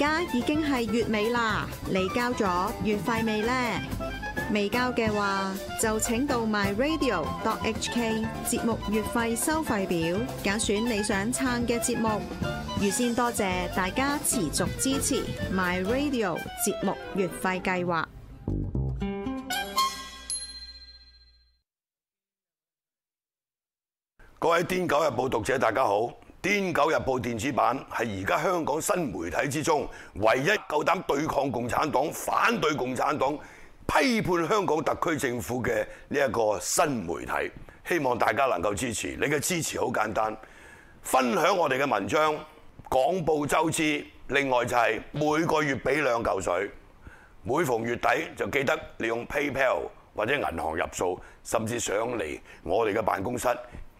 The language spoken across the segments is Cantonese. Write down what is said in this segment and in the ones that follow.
而家已經係月尾啦，你交咗月費未呢？未交嘅話，就請到 myradio.hk 節目月費收費表，揀選你想撐嘅節目。預先多謝大家持續支持 myradio 節目月費計劃。各位《癲狗日報》讀者，大家好。《癲狗日報》電子版係而家香港新媒體之中唯一夠膽對抗共產黨、反對共產黨、批判香港特區政府嘅呢一個新媒體，希望大家能夠支持。你嘅支持好簡單，分享我哋嘅文章，廣佈周知。另外就係每個月俾兩嚿水，每逢月底就記得利用 PayPal 或者銀行入數，甚至上嚟我哋嘅辦公室。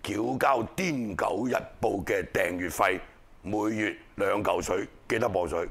《繳交癲狗日報》嘅訂閱費每月兩嚿水，幾多磅水？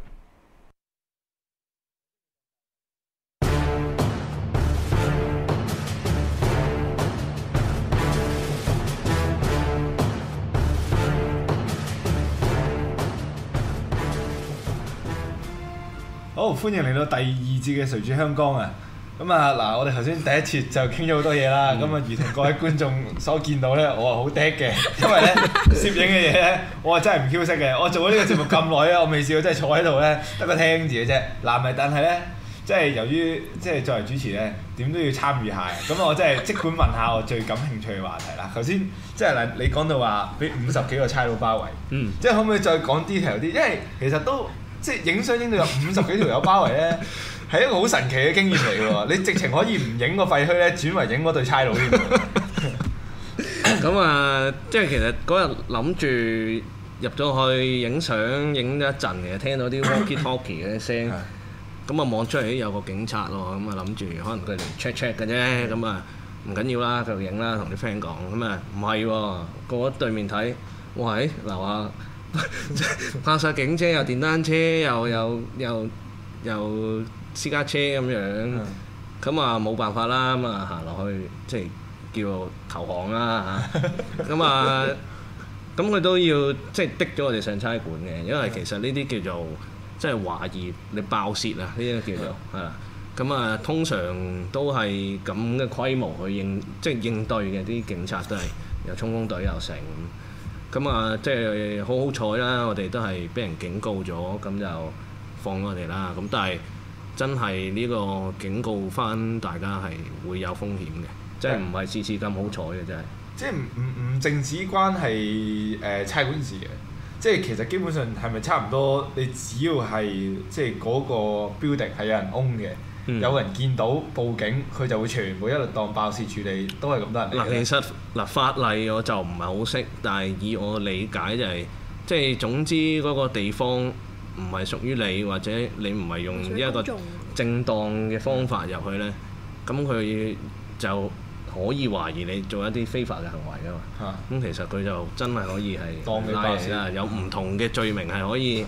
好，歡迎嚟到第二節嘅《誰主香江》啊！咁啊，嗱，我哋頭先第一次就傾咗好多嘢啦。咁啊、嗯，如同各位觀眾所見到咧，我係好 dead 嘅，因為咧攝影嘅嘢咧，我係真係唔 Q 識嘅。我做咗呢個節目咁耐啊，我未試過真係坐喺度咧，得個聽字嘅啫。嗱，咪但係咧，即係由於即係作為主持咧，點都要參與下。咁啊，我真係即管問下我最感興趣嘅話題啦。頭先即係嗱，你講到話俾五十幾個差佬包圍，即係、嗯、可唔可以再講 detail 啲？因為其實都。即係影相影到有五十幾條友包圍咧，係一個好神奇嘅經驗嚟嘅喎！你直情可以唔影個廢墟咧，轉為影嗰對差佬添。咁啊，即係其實嗰日諗住入咗去影相影咗一陣嘅，聽到啲 walkie talkie 嘅聲，咁啊望出嚟有個警察喎，咁啊諗住可能佢哋 check check 嘅啫，咁啊唔緊要啦，繼續影啦，同啲 friend 講。咁啊唔係喎，過咗對面睇，喂！哎，嗱下。拍晒 警車又電單車又又又，又私家車咁樣，咁啊冇辦法啦，咁啊行落去即係叫投降啦嚇，咁啊咁佢都要即係滴咗我哋上差館嘅，因為其實呢啲叫做即係懷疑你爆泄啊呢啲叫做啊，咁啊 通常都係咁嘅規模去應即係應對嘅，啲警察都係有衝鋒隊又成。咁啊，即係好好彩啦！我哋都係俾人警告咗，咁就放我哋啦。咁但係真係呢個警告翻大家係會有風險嘅，即係唔係次次咁好彩嘅，真、嗯、係。即係唔唔淨止關係誒差館事嘅，即係其實基本上係咪差唔多？你只要係即係嗰個 building 係有人 own 嘅。有人見到報警，佢就會全部一律當爆竊處理，都係咁多人。嗱，其實嗱法例我就唔係好識，但係以我理解就係、是，即係總之嗰個地方唔係屬於你，或者你唔係用呢一個正當嘅方法入去呢，咁佢、嗯、就可以懷疑你做一啲非法嘅行為㗎嘛。咁其實佢就真係可以係當你爆竊啊，屍嗯、有唔同嘅罪名係可以，嗯、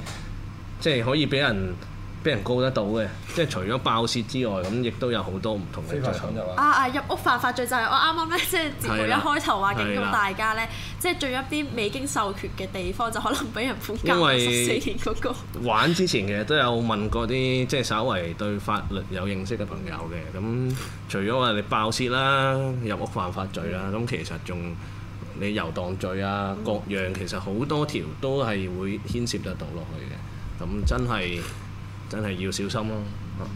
即係可以俾人。俾人告得到嘅，即係除咗爆竊之外，咁亦都有好多唔同嘅罪。啊啊！入屋犯法罪就係我啱啱咧，即係節目一開頭話警告大家咧，了即係進入一啲未經授權嘅地方就可能俾人判因十四年嗰個。玩之前其實都有問過啲即係稍為對法律有認識嘅朋友嘅。咁除咗話你爆竊啦、入屋犯法罪啦，咁其實仲你遊蕩罪啊、各樣其實好多條都係會牽涉得到落去嘅。咁真係。真係要小心咯、啊、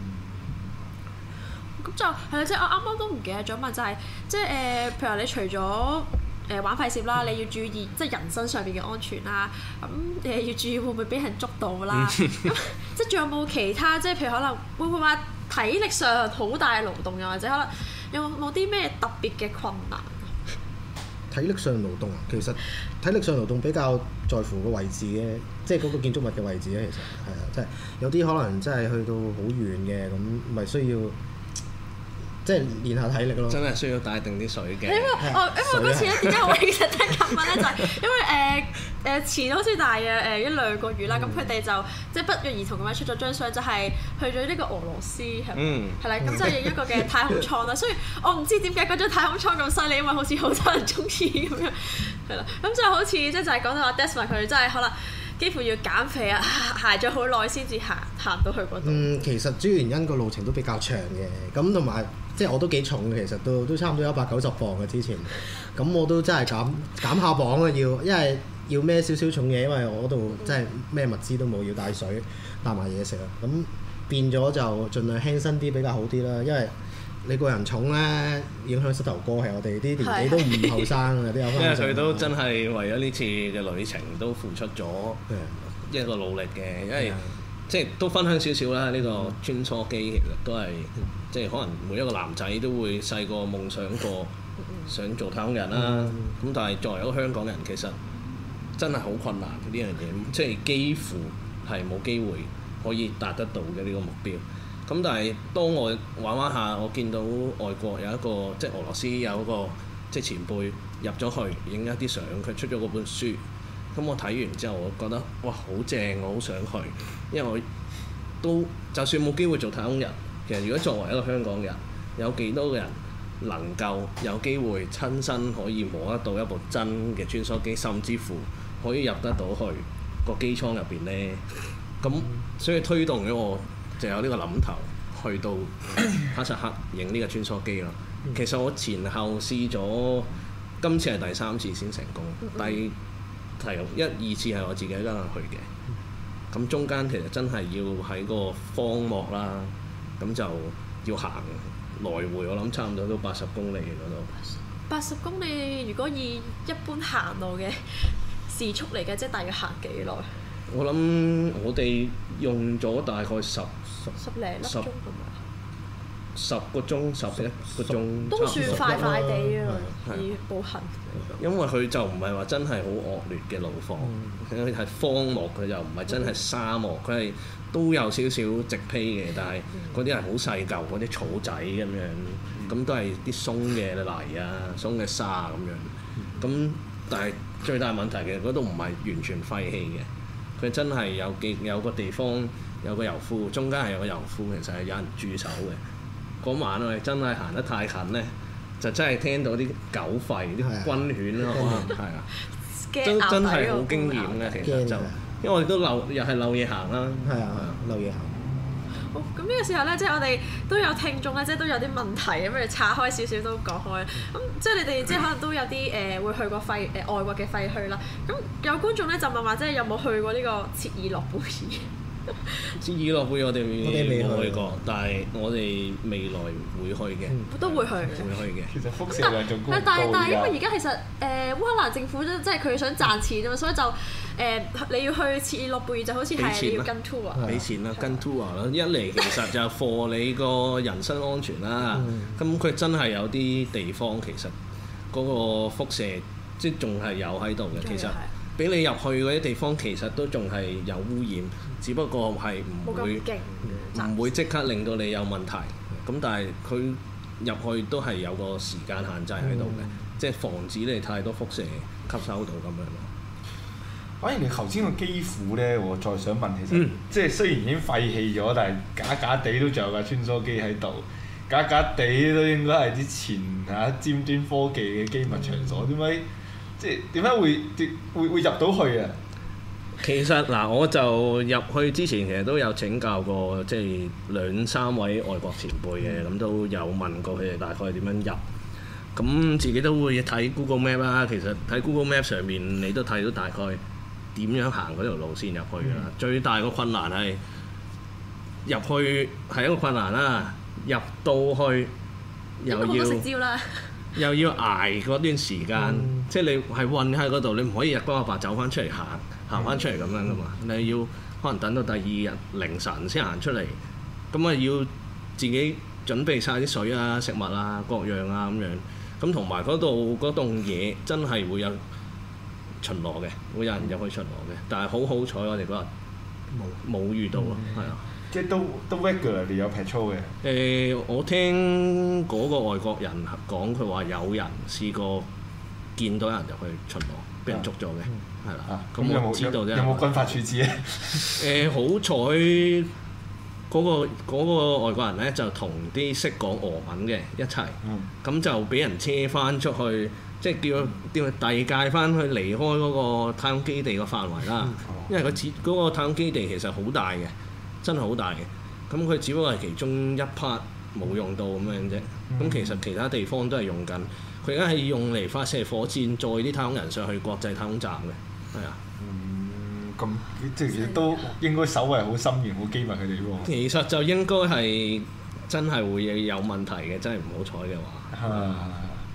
～咁就係啦，即係我啱啱都唔記得咗問，就係即係誒，譬如話，你除咗誒玩快閃啦，你要注意即係人身上面嘅安全啦，咁誒要注意會唔會俾人捉到啦？咁即係仲有冇其他？即係譬如可能會唔會話體力上好大嘅勞動，又或者可能有冇啲咩特別嘅困難？體力上勞動啊，其實體力上勞動比較在乎個位置嘅，即係嗰個建築物嘅位置咧。其實係啊，即係有啲可能即係去到好遠嘅咁，咪需要。即係練下體力咯，真係需要帶定啲水嘅。因為嗰、啊、次咧點解我其實聽琴日咧， 就係因為誒誒、呃呃、前好似大約誒一兩個月啦，咁佢哋就即係不約而同咁樣出咗張相，就係去咗呢個俄羅斯，係嗯係啦，咁就影一個嘅太空艙啦。雖然 我唔知點解嗰張太空艙咁犀利，因為好似好多人中意咁樣係啦。咁 就好似即係就係、是、講到阿 Desmond 佢真係可能幾乎要減肥啊，行咗好耐先至行行到去嗰度。嗯，其實主要原因個路程都比較長嘅，咁同埋。即係我都幾重嘅，其實都都差唔多一百九十磅嘅之前，咁我都真係減減下磅啊要，因為要孭少少重嘢，因為我度真係咩物資都冇，要帶水帶埋嘢食啊，咁變咗就盡量輕身啲比較好啲啦，因為你個人重咧影響膝頭哥，係我哋啲年紀都唔後生啊啲。因為佢都真係為咗呢次嘅旅程都付出咗一個努力嘅，因為。即係都分享少少啦，呢、這個穿梭機其實都係，即係可能每一個男仔都會細個夢想過想做太空人啦、啊，咁、 嗯、但係作為一個香港人，其實真係好困難呢樣嘢，嗯、即係幾乎係冇機會可以達得到嘅呢、這個目標。咁但係當我玩玩下，我見到外國有一個即係俄羅斯有一個即係前輩入咗去影一啲相，佢出咗嗰本書。咁我睇完之後，我覺得哇好正，我好想去，因為我都就算冇機會做太空人，其實如果作為一個香港人，有幾多個人能夠有機會親身可以摸得到一部真嘅穿梭機，甚至乎可以入得到去個機艙入邊呢？咁所以推動咗我就有呢個諗頭去到哈薩克影呢個穿梭機啦。其實我前後試咗，今次係第三次先成功，第一、二次係我自己單人去嘅，咁、嗯、中間其實真係要喺嗰個荒漠啦，咁就要行來回，我諗差唔多都八十公里度。八十公里如果以一般行路嘅時速嚟嘅，即、就、係、係、大約行幾耐？我諗我哋用咗大概十十零粒鐘十個鐘，十,十一個鐘都算快快地啊！係步行，因為佢就唔係話真係好惡劣嘅路況，佢係、嗯、荒漠，佢、嗯、就唔係真係沙漠，佢係都有少少植被嘅，但係嗰啲係好細嚿，嗰啲草仔咁樣，咁都係啲鬆嘅泥啊、鬆嘅沙啊咁樣。咁但係最大問題嘅，嗰度唔係完全廢棄嘅，佢真係有幾有個地方有個油庫，中間係有個油庫，其實係有人駐守嘅。嗰晚我哋真係行得太近咧，就真係聽到啲狗吠，啲軍犬啦，係啊，真真係好驚險嘅其實就，因為我哋都漏又係漏夜行啦，係啊，漏夜行。好，咁呢個時候咧，即係我哋都有聽眾咧，即係都有啲問題，咁我哋拆開少少都講開。咁即係你哋即係可能都有啲誒會去過廢誒外國嘅廢墟啦。咁有觀眾咧就問話，即係有冇去過呢個切爾諾貝爾？切爾諾貝爾我哋未去過，但係我哋未來會去嘅，都會去。會去嘅。其實輻射量仲高過。但係因為而家其實誒，烏克蘭政府即係佢想賺錢啊嘛，所以就誒你要去切爾諾貝爾就好似係你要跟 tour 俾錢啦，跟 tour 啦。一嚟其實就係貨你個人身安全啦，咁佢真係有啲地方其實嗰個輻射即係仲係有喺度嘅，其實。俾你入去嗰啲地方，其實都仲係有污染，只不過係唔會唔會即刻令到你有問題。咁但係佢入去都係有個時間限制喺度嘅，嗯、即係防止你太多輻射吸收到咁樣咯。反而你頭先個機庫呢，我再想問其實，即係雖然已經廢棄咗，但係假假地都仲有架穿梭機喺度，假假地都應該係之前啊尖端科技嘅機密場所，點解？即係點解會會入到去啊？其實嗱，我就入去之前其實都有請教過即係兩三位外國前輩嘅，咁、嗯、都有問過佢哋大概點樣入。咁自己都會睇 Google Map 啦。其實睇 Google Map 上面你都睇到大概點樣行嗰條路線入去啦。嗯、最大個困難係入去係一個困難啦。入到去又要 又要捱嗰段時間。嗯即係你係困喺嗰度，你唔可以日光日白走返出嚟行行返出嚟咁樣噶嘛？你要可能等到第二日凌晨先行出嚟，咁啊要自己準備晒啲水啊、食物啊、各樣啊咁樣。咁同埋嗰度嗰棟嘢真係會有巡邏嘅，會有人入去巡邏嘅。但係好好彩，我哋嗰日冇冇遇到係、嗯、啊，即係都都 regular 有 patrol 嘅。誒、欸，我聽嗰個外國人講，佢話有人試過。見到人就去巡邏，俾人捉咗嘅，係啦。咁我知道啫。有冇軍法處置咧？誒，好彩嗰個嗰個外國人咧，就同啲識講俄文嘅一齊，咁 就俾人車翻出去，即係 叫點啊？遞解翻去離開嗰個太空基地嘅範圍啦。嗯、因為佢嗰個太空基地其實好大嘅，真係好大嘅。咁佢只不過係其中一 part 冇用到咁樣啫。咁其實其他地方都係用緊。佢而家係用嚟發射火箭載啲太空人上去國際太空站嘅，係啊。嗯，咁即係都應該守衛好心儀，好機密佢哋喎。其實就應該係真係會有問題嘅，真係唔好彩嘅話。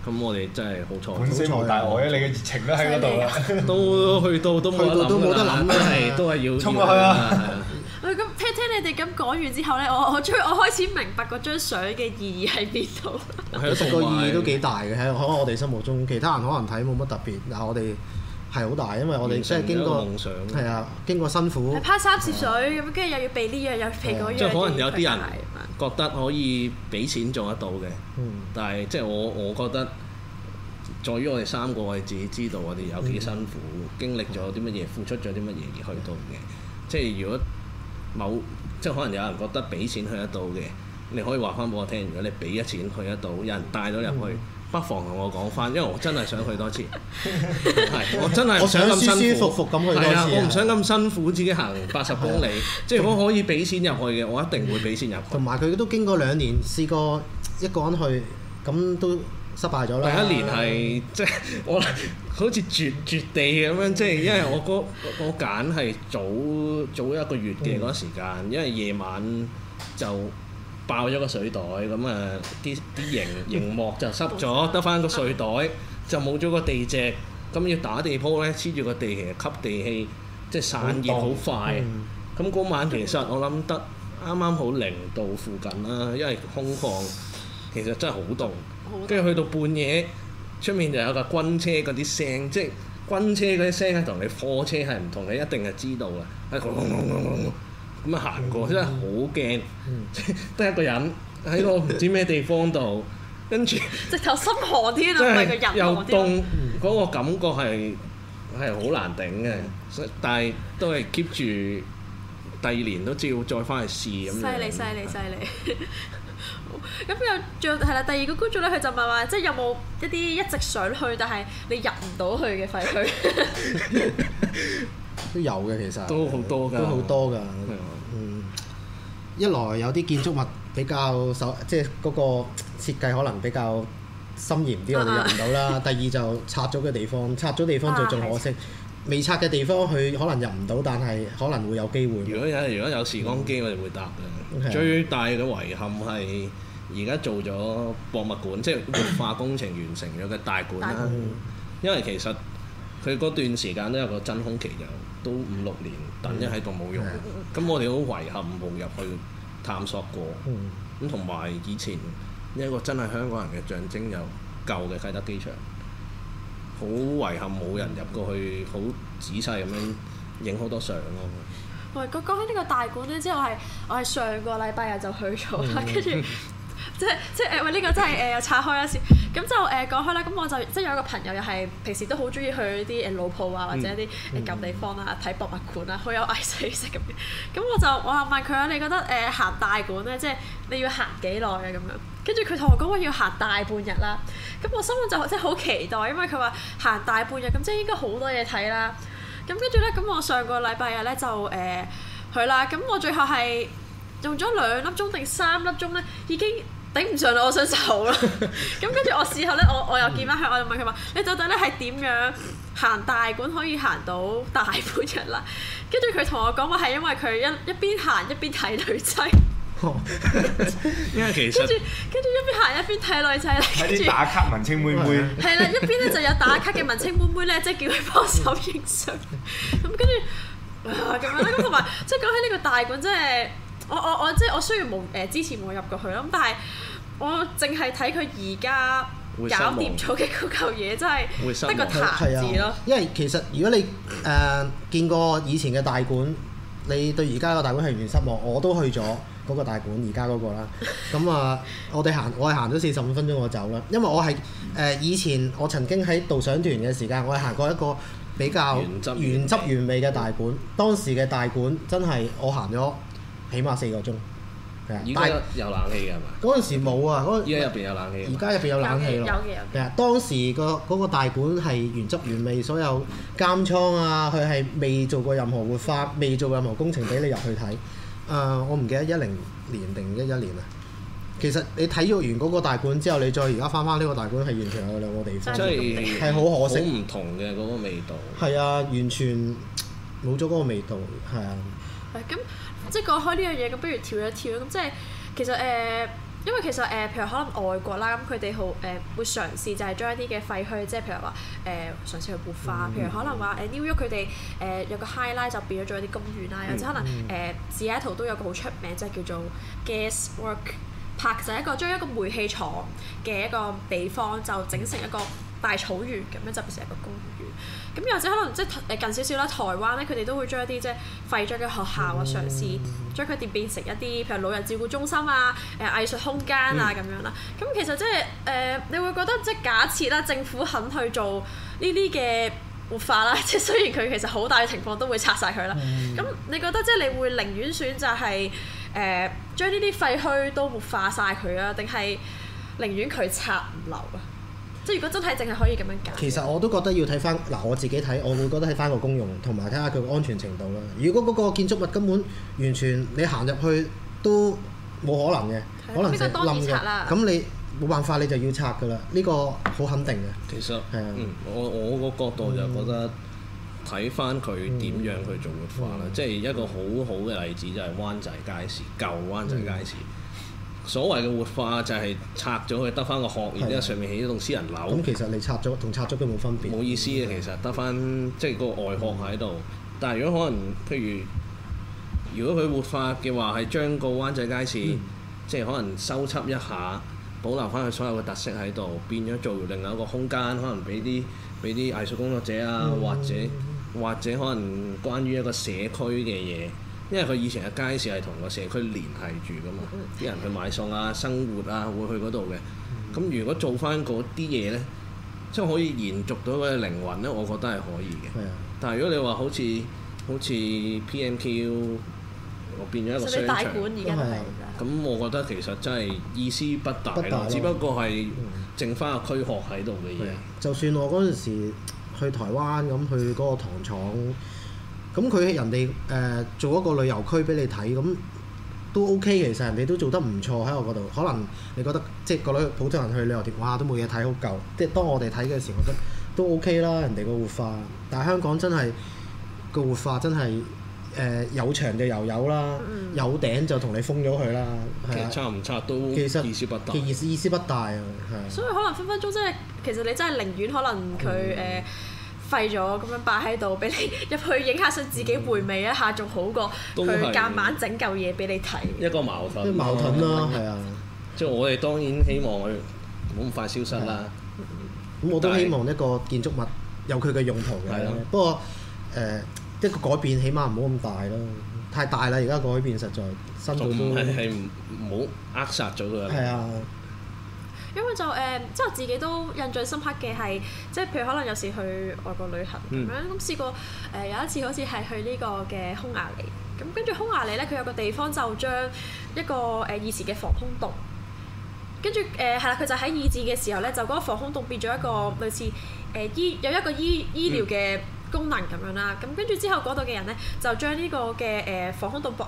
咁的、啊、我哋真係好彩，好彩無大礙啊！運你嘅熱情都喺嗰度啦，都去到都冇得諗啦， 都係都係要衝過去啊！ 即聽你哋咁講完之後咧，我我追我開始明白嗰張相嘅意義喺邊度。佢成 個意義都幾大嘅喺我哋心目中，其他人可能睇冇乜特別，但係我哋係好大，因為我哋即係經過夢想係啊，經過辛苦。拍三次水咁，跟住的又要避呢樣又避嗰樣。即係可能有啲人覺得可以俾錢做得到嘅，嗯、但係即係我我覺得，在於我哋三個我哋自己知道我哋有幾辛苦，嗯、經歷咗啲乜嘢，付出咗啲乜嘢而去到嘅。即、就、係、是、如果。某即係可能有人覺得俾錢去得到嘅，你可以話翻俾我聽。如果你俾咗錢去得到，有人帶咗入去，嗯、不妨同我講翻，因為我真係想去多次。係 我真係。我想舒舒服服咁去多次。係啊，我唔想咁辛苦自己行八十公里，啊、即係我可以俾錢入去嘅，我一定會俾錢入去。同埋佢都經過兩年試過一個人去，咁都。失敗咗啦！第一年係即係我好似絕絕地咁樣，即係因為我嗰我我揀係早早一個月嘅嗰時間，嗯、因為夜晚就爆咗個水袋咁啊，啲啲營營幕就濕咗，得翻 個水袋 就冇咗個地蓆。咁要打地鋪咧，黐住個地嚟吸地氣，即係散熱好快。咁嗰、嗯、晚其實我諗得啱啱好零度附近啦，因為空曠，其實真係好凍，嗯跟住去到半夜，出面就有架軍車嗰啲聲，即係軍車嗰啲聲係同你貨車係唔同，你一定係知道嘅。咁啊行過真係好驚，即係得一個人喺個唔知咩地方度，跟住直頭心寒啲咯，又凍嗰個感覺係係好難頂嘅。但係都係 keep 住，第二年都照再翻去試咁。犀利犀利犀利！樣害 咁又最係啦，第二個觀眾咧，佢就問話，即係有冇一啲一直想去，但係你入唔到去嘅廢墟？都有嘅，其實都好多噶，都好多噶。嗯，一來有啲建築物比較受，即係嗰個設計可能比較森嚴啲，我哋入唔到啦。第二就拆咗嘅地方，拆咗地方就仲可惜。未拆嘅地方，佢可能入唔到，但係可能會有機會如果有。如果真如果有時光機，嗯、我哋會搭嘅。Okay. 最大嘅遺憾係而家做咗博物館，即、就、係、是、活化工程完成咗嘅大館。大因為其實佢嗰段時間都有個真空期，就都五六年等喺度冇用。咁、嗯、我哋好遺憾冇入去探索過。咁同埋以前一個真係香港人嘅象徵，有舊嘅啟德機場。好遺憾冇人入過去，好仔細咁樣影好多相咯、啊。喂，講講開呢個大館咧，之後係我係上個禮拜日就去咗啦，跟住 即係即係誒，喂、呃、呢、這個真係又、呃、拆開一次咁就誒、呃、講開啦。咁我就即係有一個朋友又係平時都好中意去啲誒老鋪啊，或者啲舊地方啊，睇博物館啊，好有藝術細胞咁。咁我就我問佢啊，你覺得誒、呃、行大館咧，即係你要行幾耐啊咁樣？跟住佢同我講話要行大半日啦，咁我心諗就真係好期待，因為佢話行大半日咁，即係應該好多嘢睇啦。咁跟住咧，咁我上個禮拜日咧就誒去、呃、啦。咁我最後係用咗兩粒鐘定三粒鐘咧，已經頂唔上啦，我想走啦。咁跟住我事後咧，我我又見翻佢，我就問佢話： 你到底咧係點樣行大館可以行到大半日啦？跟住佢同我講話係因為佢一一邊行一邊睇女仔。 因為其實跟住跟住一邊行一邊睇女仔，睇啲打卡文青妹妹係啦， 一邊咧就有打卡嘅文青妹妹咧、就是，即係叫佢幫手影相咁，跟住咁樣啦。咁同埋即係講起呢個大館，真、就、係、是、我我我即係、就是、我雖然冇誒之前冇入過去啦，咁但係我淨係睇佢而家搞掂咗嘅嗰嚿嘢，真係得個壇字咯。因為其實如果你誒、呃、見過以前嘅大館，你對而家個大館係完全失望。我都去咗。嗰個大館而家嗰個啦，咁啊、 嗯，我哋行，我係行咗四十五分鐘我走啦，因為我係誒、呃、以前我曾經喺導賞團嘅時間，我係行過一個比較原汁原味嘅大館，當時嘅大館真係我行咗起碼四個鐘，係啊，有冷氣㗎嘛？嗰陣時冇啊，而家入邊有冷氣，而家入邊有冷氣咯。有嘅有。係啊，當時、嗰個大館係原汁原味，所有監倉啊，佢係未做過任何活化，未做過任何工程俾 你入去睇。誒，uh, 我唔記得一零年定一一年啊。其實你體育完嗰個大館之後，你再而家返返呢個大館，係完全有兩個地方，即係好可惜，唔同嘅嗰、那個味道。係啊，完全冇咗嗰個味道，係啊。咁、嗯、即係講開呢樣嘢，咁不如跳一跳咁，即係其實誒。呃因為其實誒、呃，譬如可能外國啦，咁佢哋好誒會嘗試就係將一啲嘅廢墟，即係譬如話誒、呃，嘗試去活化。嗯、譬如可能話 New York，佢哋誒有個 Highlight 就變咗做一啲公園啦，嗯、或者可能誒，西雅圖都有個好出名，即係叫做 Gas Works Park，就係一個將、就係、一個煤氣廠嘅一個地方就整成一個大草原咁樣，就變成一個公園。咁又或者可能即係誒近少少啦，台灣咧，佢哋都會將一啲即係廢咗嘅學校啊，嘗試將佢哋變成一啲譬如老人照顧中心啊、誒藝術空間啊咁、嗯、樣啦。咁其實即係誒，你會覺得即係假設啦，政府肯去做呢啲嘅活化啦，即係雖然佢其實好大嘅情況都會拆晒佢啦。咁、嗯、你覺得即係你會寧願選擇係誒將呢啲廢墟都活化晒佢啊，定係寧願佢拆唔留啊？如果真係淨係可以咁樣搞，其實我都覺得要睇翻嗱，我自己睇，我會覺得睇翻個公用同埋睇下佢安全程度啦。如果嗰個建築物根本完全你行入去都冇可能嘅，對可能就冧嘅。咁你冇辦法，你就要拆噶啦。呢個好肯定嘅。其實，uh，嗯，我我個角度就覺得睇翻佢點樣去做活化啦。嗯、即係一個好好嘅例子就係灣仔街市，舊灣仔街市。嗯所謂嘅活化就係拆咗佢得翻個殼，然之後上面起一棟私人樓。咁其實你拆咗同拆咗都冇分別。冇意思嘅其實，得翻即係個外殼喺度。嗯、但係如果可能，譬如如果佢活化嘅話，係將個灣仔街市，嗯、即係可能修葺一下，保留翻佢所有嘅特色喺度，變咗做另外一個空間，可能俾啲俾啲藝術工作者啊，嗯、或者或者可能關於一個社區嘅嘢。因為佢以前嘅街市係同個社區聯繫住噶嘛，啲人去買餸啊、生活啊，會去嗰度嘅。咁、嗯、如果做翻嗰啲嘢呢，即係可以延續到嗰個靈魂呢，我覺得係可以嘅。係啊。但係如果你話好似好似 PMQ，我變咗一個商場。大館而家咁，我覺得其實真係意思不大，不大只不過係剩翻個軀殼喺度嘅嘢。就算我嗰陣時去台灣咁，去嗰個糖廠。咁佢、嗯、人哋誒、呃、做一個旅遊區俾你睇，咁、嗯、都 OK 其實人哋都做得唔錯喺我嗰度。可能你覺得即係個女普通人去旅遊點，哇都冇嘢睇好舊。即係當我哋睇嘅時候，覺得都 OK 啦，人哋個活化。但係香港真係個活化真係誒、呃、有牆就又有啦，嗯、有頂就同你封咗佢啦。其實差唔差都其實意思不大其。其實意思不大啊，所以可能分分鐘即係其實你真係寧願可能佢誒。嗯廢咗咁樣擺喺度，俾你入去影下相，自己回味一下，仲、嗯、好過佢夾硬整嚿嘢俾你睇。一個矛盾，矛盾啦，係啊、嗯。的即係我哋當然希望佢唔好咁快消失啦。咁、嗯、的我都希望一個建築物有佢嘅用途嘅。的不過誒、呃，一個改變起碼唔好咁大咯。太大啦，而家改變實在辛苦。係唔好扼殺咗佢。係啊的。因為就誒、呃，即係我自己都印象深刻嘅係，即係譬如可能有時去外國旅行咁、嗯、樣，咁試過誒、呃、有一次好似係去呢個嘅匈牙利，咁跟住匈牙利咧，佢有個地方就將一個誒、呃、以前嘅防空洞，跟住誒係啦，佢、呃、就喺二戰嘅時候咧，就嗰個防空洞變咗一個類似誒、呃、醫有一個醫醫療嘅功能咁、嗯、樣啦，咁跟住之後嗰度嘅人咧就將呢個嘅誒防空洞博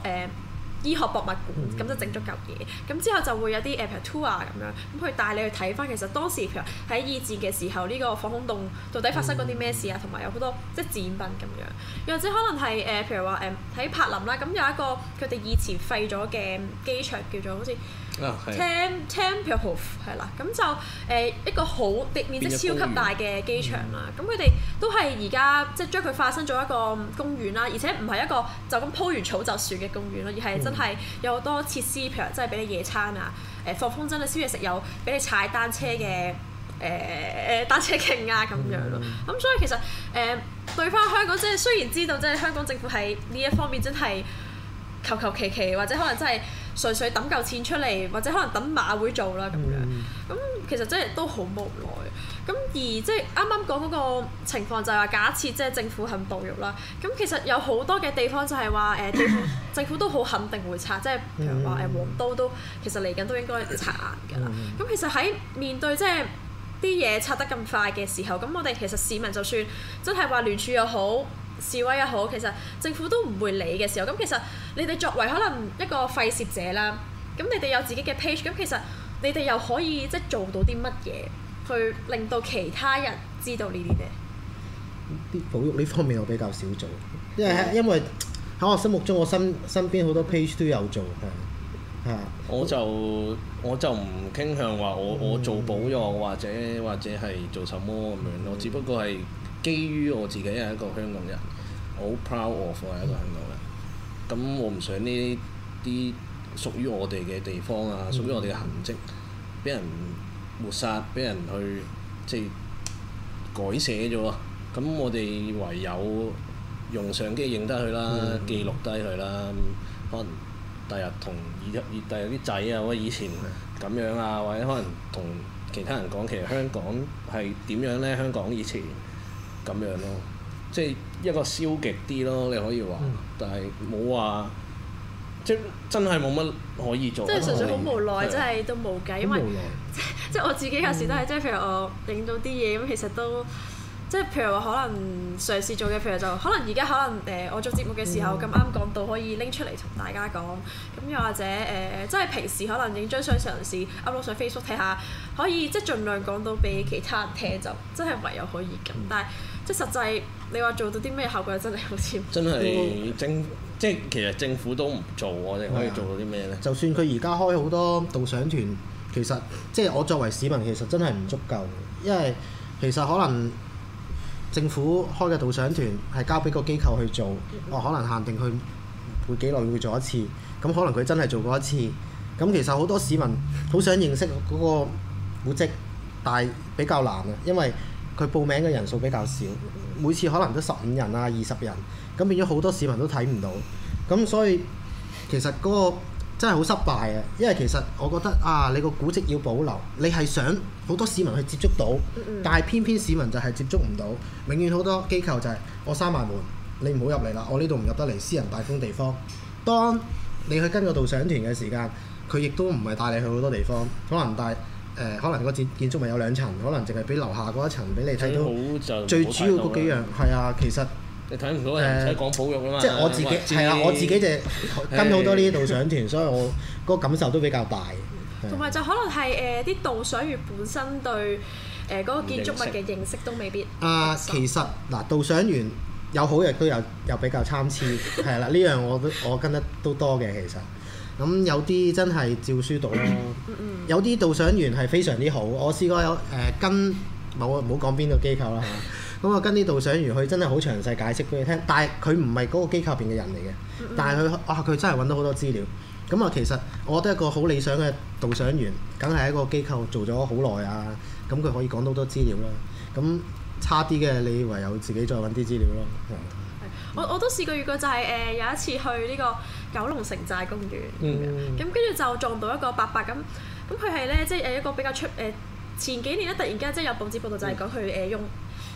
醫學博物館咁、嗯、就整咗嚿嘢，咁之後就會有啲 app tour 啊咁樣，咁佢帶你去睇翻其實當時譬如喺二戰嘅時候呢、呢個防空洞到底發生過啲咩事啊，同埋、嗯、有好多即展品咁樣，又或者可能係誒、呃、譬如話誒喺柏林啦，咁有一個佢哋以前廢咗嘅機場叫做好似啊、Tem、Tempelhof 係啦，咁就誒、呃、一個好的面積超級大嘅機場啦，咁佢哋都係而家即係將佢化身咗一個公園啦，而且唔係一個就咁鋪完草就算嘅公園咯，而係真係有好多設施，譬如即係俾你野餐啊，誒、呃、放風箏啊，宵夜食有俾你踩單車嘅誒誒單車徑啊咁樣咯，咁、嗯嗯、所以其實誒、呃、對翻香港即係雖然知道即係香港政府喺呢一方面真係。求求其其，或者可能真係純粹揼嚿錢出嚟，或者可能等馬會做啦咁樣。咁其實真係都好無奈。咁而即係啱啱講嗰個情況就係話，假設即係政府肯保育啦。咁其實有好多嘅地方就係話，誒、呃、政府都好肯定會拆，即係譬如話誒、呃、皇都都其實嚟緊都應該拆硬㗎啦。咁其實喺面對即係啲嘢拆得咁快嘅時候，咁我哋其實市民就算真係話聯署又好，示威也好，其實政府都唔會理嘅時候，咁其實你哋作為可能一個廢蝕者啦，咁你哋有自己嘅 page，咁其實你哋又可以即係做到啲乜嘢去令到其他人知道呢啲嘢。啲保育呢方面我比較少做，因為因為喺我心目中，我身身邊好多 page 都有做，係我就我就唔傾向話我、嗯、我做保育或者或者係做什麼咁樣咯，嗯、我只不過係。基於我自己係一個香港人，我好 proud of 我係一個香港人。咁、嗯、我唔想呢啲屬於我哋嘅地方啊，嗯、屬於我哋嘅痕跡，俾人抹殺，俾、嗯、人去，人去即係改寫咗。咁我哋唯有用相機認得佢啦，嗯、記錄低佢啦。嗯、可能第日同以第日啲仔啊，或以前咁樣啊，或者可能同其他人講，其實香港係點樣呢？香港以前。咁樣咯，即係一個消極啲咯，你可以話，嗯、但係冇話，即真係冇乜可以做。即係純粹好無奈，以的真係都冇計，因為 即係我自己有時都係，即係、嗯、譬如我影到啲嘢咁，其實都。即係譬如話，可能嘗試做嘅，譬如就可能而家可能誒、呃，我做節目嘅時候咁啱講到，可以拎出嚟同大家講。咁又或者誒，即、呃、係平時可能影張相嘗試 upload 上 Facebook 睇下，可以即係盡量講到俾其他人聽，就真係唯有可以咁。但係即係實際，你話做到啲咩效果真，真係好似真係政，嗯、即係其實政府都唔做，我哋可以做到啲咩咧？就算佢而家開好多導賞團，其實即係我作為市民，其實真係唔足夠，因為其實可能。政府開嘅導賞團係交俾個機構去做，我、哦、可能限定佢會幾耐會做一次。咁可能佢真係做過一次，咁其實好多市民好想認識嗰個古蹟，但係比較難啊，因為佢報名嘅人數比較少，每次可能都十五人啊、二十人，咁變咗好多市民都睇唔到。咁所以其實嗰個真係好失敗啊！因為其實我覺得啊，你個古蹟要保留，你係想好多市民去接觸到，但係偏偏市民就係接觸唔到。永遠好多機構就係、是、我閂埋門，你唔好入嚟啦，我呢度唔入得嚟，私人大宮地方。當你去跟個導賞團嘅時間，佢亦都唔係帶你去好多地方，可能帶誒、呃，可能個建建築物有兩層，可能淨係俾樓下嗰一層俾你睇到。最主要嗰幾樣係啊，其實。你睇唔到，誒講、呃、保育啊嘛！即係我自己係啊，啊，我自己就跟好多呢啲導賞團， 所以我個感受都比較大。同埋、啊、就可能係誒啲導賞員本身對誒嗰、呃那個建築物嘅認識，認識都未必。啊、呃，其實嗱、呃，導賞員有好亦都有，有比較參差，係啦、 啊，呢樣我都我跟得都多嘅其實。咁有啲真係照書讀，咳咳有啲導賞員係非常之好。我試過有誒跟冇唔好講邊個機構啦。 咁我跟啲導賞員，去，真係好詳細解釋俾你聽，但係佢唔係嗰個機構入邊嘅人嚟嘅，嗯、但係佢哇佢真係揾到好多資料。咁啊，其實我覺得一個好理想嘅導賞員，梗係一個機構做咗好耐啊，咁佢可以講到好多資料啦。咁差啲嘅，你唯有自己再揾啲資料咯。我我都試過遇過，就係、是、誒、呃、有一次去呢個九龍城寨公園，咁跟住就撞到一個伯伯咁，咁佢係呢，即、就、係、是、一個比較出誒、呃、前幾年咧突然間即係、就是、有報紙報道就係講佢誒用。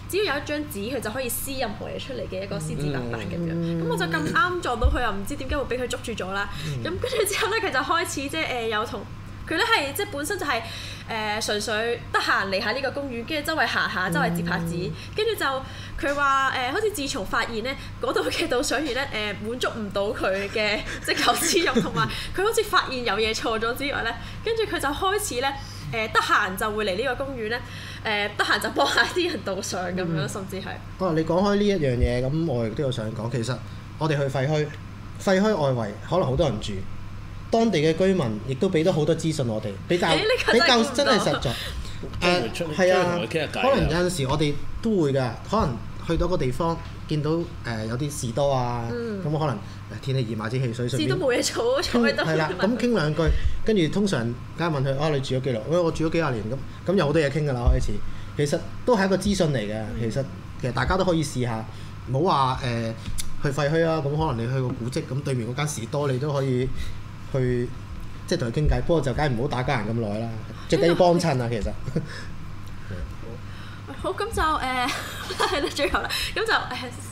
只要有一張紙，佢就可以撕任何嘢出嚟嘅一,一個獅子爸白咁樣。咁我就咁啱撞到佢，又唔知點解會俾佢捉住咗啦。咁、 嗯嗯、跟住之後咧，佢就開始即係誒有同佢咧係即係本身就係、是、誒、呃、純粹得閒嚟下呢個公園，跟住周圍行下，周圍摺下紙。跟住、嗯、就佢話誒，好似自從發現咧嗰度嘅導賞員咧誒滿足唔到佢嘅即求知慾。同埋佢好似發現有嘢錯咗之外咧，跟住佢就開始咧。呢嗯誒得閒就會嚟呢個公園咧，誒得閒就幫下啲人度相，咁樣，甚至係、嗯。啊，你講開呢一樣嘢，咁我亦都有想講。其實我哋去廢墟，廢墟外圍可能好多人住，當地嘅居民亦都俾咗好多資訊我哋，比較、欸、你比較真係實在。誒，係啊，聊聊可能有陣時我哋都會嘅，可能去到個地方見到誒、呃、有啲士多啊，咁、嗯、可能。天氣熱買支汽水。次都冇嘢做，坐喺度。係啦，咁傾了了兩句，跟住通常梗係問佢，哦、 啊，你住咗幾耐？我我住咗幾廿年，咁咁有好多嘢傾㗎啦。開始，其實都係一個資訊嚟嘅。其實、嗯、其實大家都可以試下，唔好話誒去廢墟啊。咁可能你去個古蹟，咁對面嗰間士多你都可以去，即係同佢傾偈。不過就梗係唔好打家人咁耐啦， 最緊要幫襯啊，其實。好咁、哦、就誒，係、呃、啦，最後啦。咁就誒，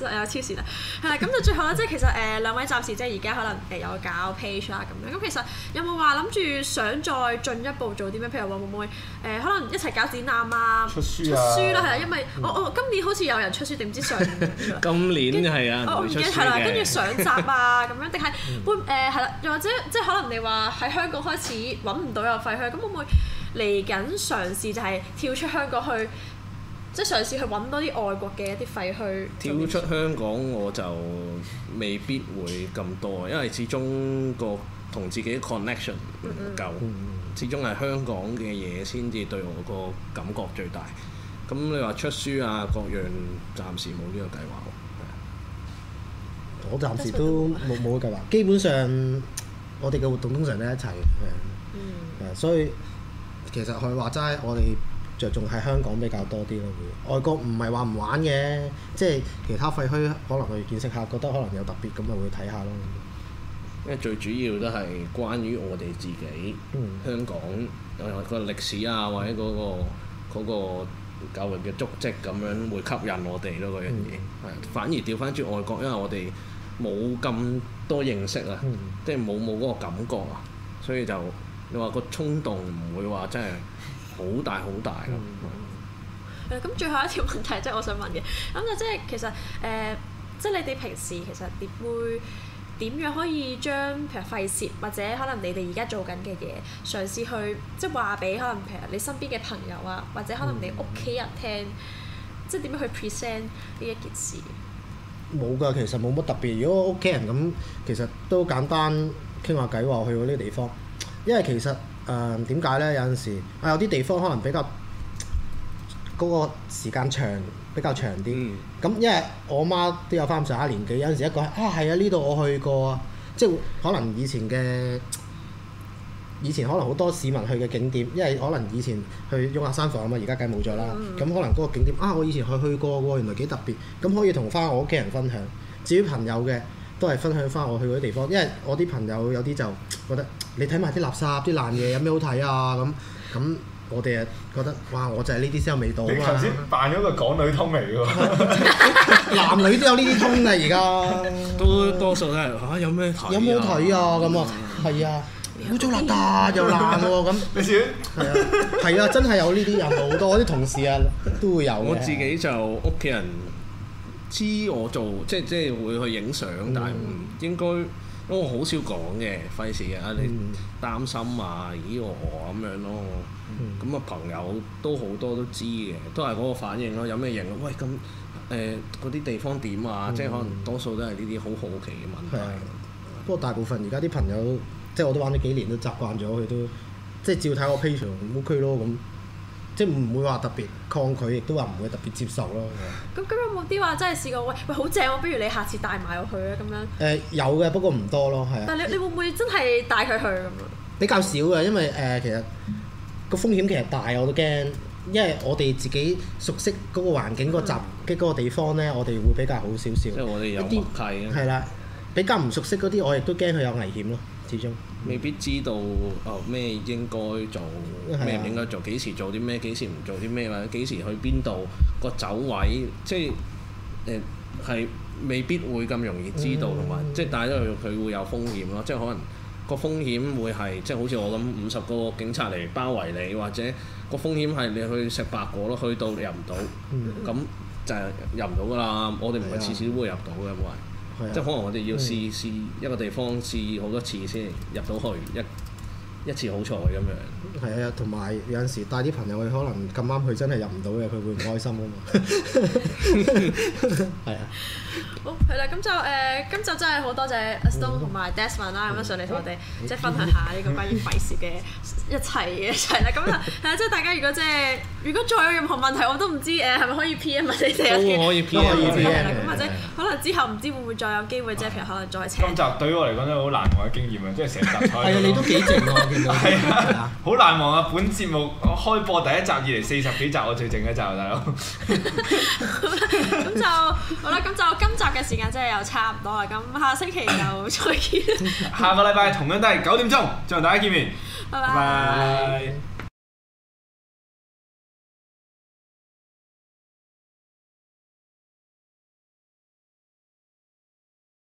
又、呃、超時啦。係啦，咁就最後啦。即係 其實誒、呃，兩位暫時即係而家可能誒有搞 page 啊咁樣。咁其實有冇話諗住想再進一步做啲咩？譬如話會唔會誒可能一齊搞展覽啊？出書啊，出書啦，係啦，因為我我、嗯哦、今年好似有人出書定唔知上。 今年係啊、哦。我唔記得係 啦，跟住上集啊咁樣，定係會誒、呃、啦？又或者即係可能你話喺香港開始揾唔到有廢墟，咁會唔會嚟緊嘗試就係跳出香港去？即係嘗試去揾多啲外國嘅一啲廢墟。跳出香港我就未必會咁多，因為始終個同自己 connection 唔夠，嗯嗯始終係香港嘅嘢先至對我個感覺最大。咁你話出書啊各樣，暫時冇呢個計劃喎。我暫時都冇冇 計劃。基本上我哋嘅活動通常都一齊，嗯、所以其實係話齋我哋。我著重係香港比較多啲咯，會外國唔係話唔玩嘅，即係其他廢墟可能去見識下，覺得可能有特別咁咪會睇下咯。因為最主要都係關於我哋自己、嗯、香港個、呃、歷史啊，或者嗰、嗰個教育嘅足跡咁樣會吸引我哋咯，嗰樣嘢反而調翻轉外國，因為我哋冇咁多認識啊，嗯、即係冇冇嗰個感覺啊，所以就你話個衝動唔會話真係。 好大好大咯、嗯！咁、嗯、最後一條問題即係、就是、我想問嘅，咁就即係其實誒、呃，即係你哋平時其實點會點樣可以將譬如廢設或者可能你哋而家做緊嘅嘢，嘗試去即係話俾可能譬如你身邊嘅朋友啊，或者可能你屋企人聽，嗯、聽即係點樣去 present 呢一件事？冇㗎，其實冇乜特別。如果屋企人咁，其實都簡單傾下偈話去過呢個地方，因為其實。誒點解呢？有陣時，我有啲地方可能比較嗰、那個時間長，比較長啲。咁、嗯、因為我媽都有翻咁上下年紀，有陣時一個啊，係啊，呢度我去過啊，即係可能以前嘅以前可能好多市民去嘅景點，因為可能以前去雍雅山房啊嘛，而家梗係冇咗啦。咁、嗯、可能嗰個景點啊，我以前去去過喎，原來幾特別。咁可以同翻我屋企人分享，至於朋友嘅都係分享翻我去嗰啲地方，因為我啲朋友有啲就覺得。你睇埋啲垃圾、啲爛嘢有咩好睇啊？咁咁我哋啊覺得哇！我就係呢啲先有味道啊！你頭先扮咗個港女通嚟喎，男女都有呢啲通啊！而家都多數都係吓、啊，有咩睇？有冇睇啊？咁啊，係、嗯、啊，好糟邋遢又爛喎咁。你先係啊，係啊，啊，真係有呢啲人好多啲 同事啊都會有。我自己就屋企人知我做，即係即係會去影相，但係唔應該。我好少講嘅，費事啊！嗯、你擔心啊，咦？我咁樣咯，咁啊、嗯、朋友都好多都知嘅，都係嗰個反應咯。有咩贏喂，咁誒嗰啲地方點啊？嗯、即係可能多數都係呢啲好好奇嘅問題的。不過、嗯、大部分而家啲朋友，即係我都玩咗幾年，都習慣咗，佢都即係照睇我 picture 區咯咁。即係唔會話特別抗拒，亦都話唔會特別接受咯。咁咁有冇啲話真係試過？喂，喂，好正喎！不如你下次帶埋我去啊！咁樣誒、呃、有嘅，不過唔多咯，係啊。但係你你會唔會真係帶佢去咁樣？嗯、比較少嘅，因為誒、呃、其實個風險其實大，我都驚。因為我哋自己熟悉嗰個環境、嗰、嗯、個集嘅嗰個地方咧，我哋會比較好少少。即係我哋有默契啊。係啦，比較唔熟悉嗰啲，我亦都驚佢有危險咯始終。未必知道哦，咩應該做咩唔應該做，幾時做啲咩，幾時唔做啲咩啦，幾時去邊度、個走位，即係誒係未必會咁容易知道，同埋、嗯、即係帶咗去，佢會有風險咯，即係可能個風險會係，即係好似我咁五十個警察嚟包圍你，或者個風險係你去食白果咯，去到你入唔到，咁就入唔到㗎啦。我哋唔係次次都會入到嘅，冇人。嗯，因為即係可能我哋要試的試一個地方試好多次先入到去，一一次好彩咁樣。係啊，同埋有陣時帶啲朋友去，可能咁啱佢真係入唔到嘅，佢會唔開心啊嘛。係啊。好係、呃、 啦，咁就誒，今集真係好多謝阿 Stone 同埋 Desmond 啦，咁樣上嚟同我哋即係分享下呢個關於廢事嘅一齊嘅嘢嚟啦。咁就，係啊，即係大家如果即係。如果再有任何問題，我都唔知誒係咪可以 p 嘛。你謝可以 P，我可以 P。咁或者可能之後唔知會唔會再有機會，即係譬如可能再請。今集對我嚟講都好難忘嘅經驗啊，即係成集彩。係啊，你都幾正啊！我見到。係好難忘啊！本節目開播第一集，以嚟四十幾集，我最正一集，大佬。咁就好啦，咁就今集嘅時間真係又差唔多啦，咁下星期就再見。下個禮拜同樣都係九點鐘，再同大家見面。拜拜。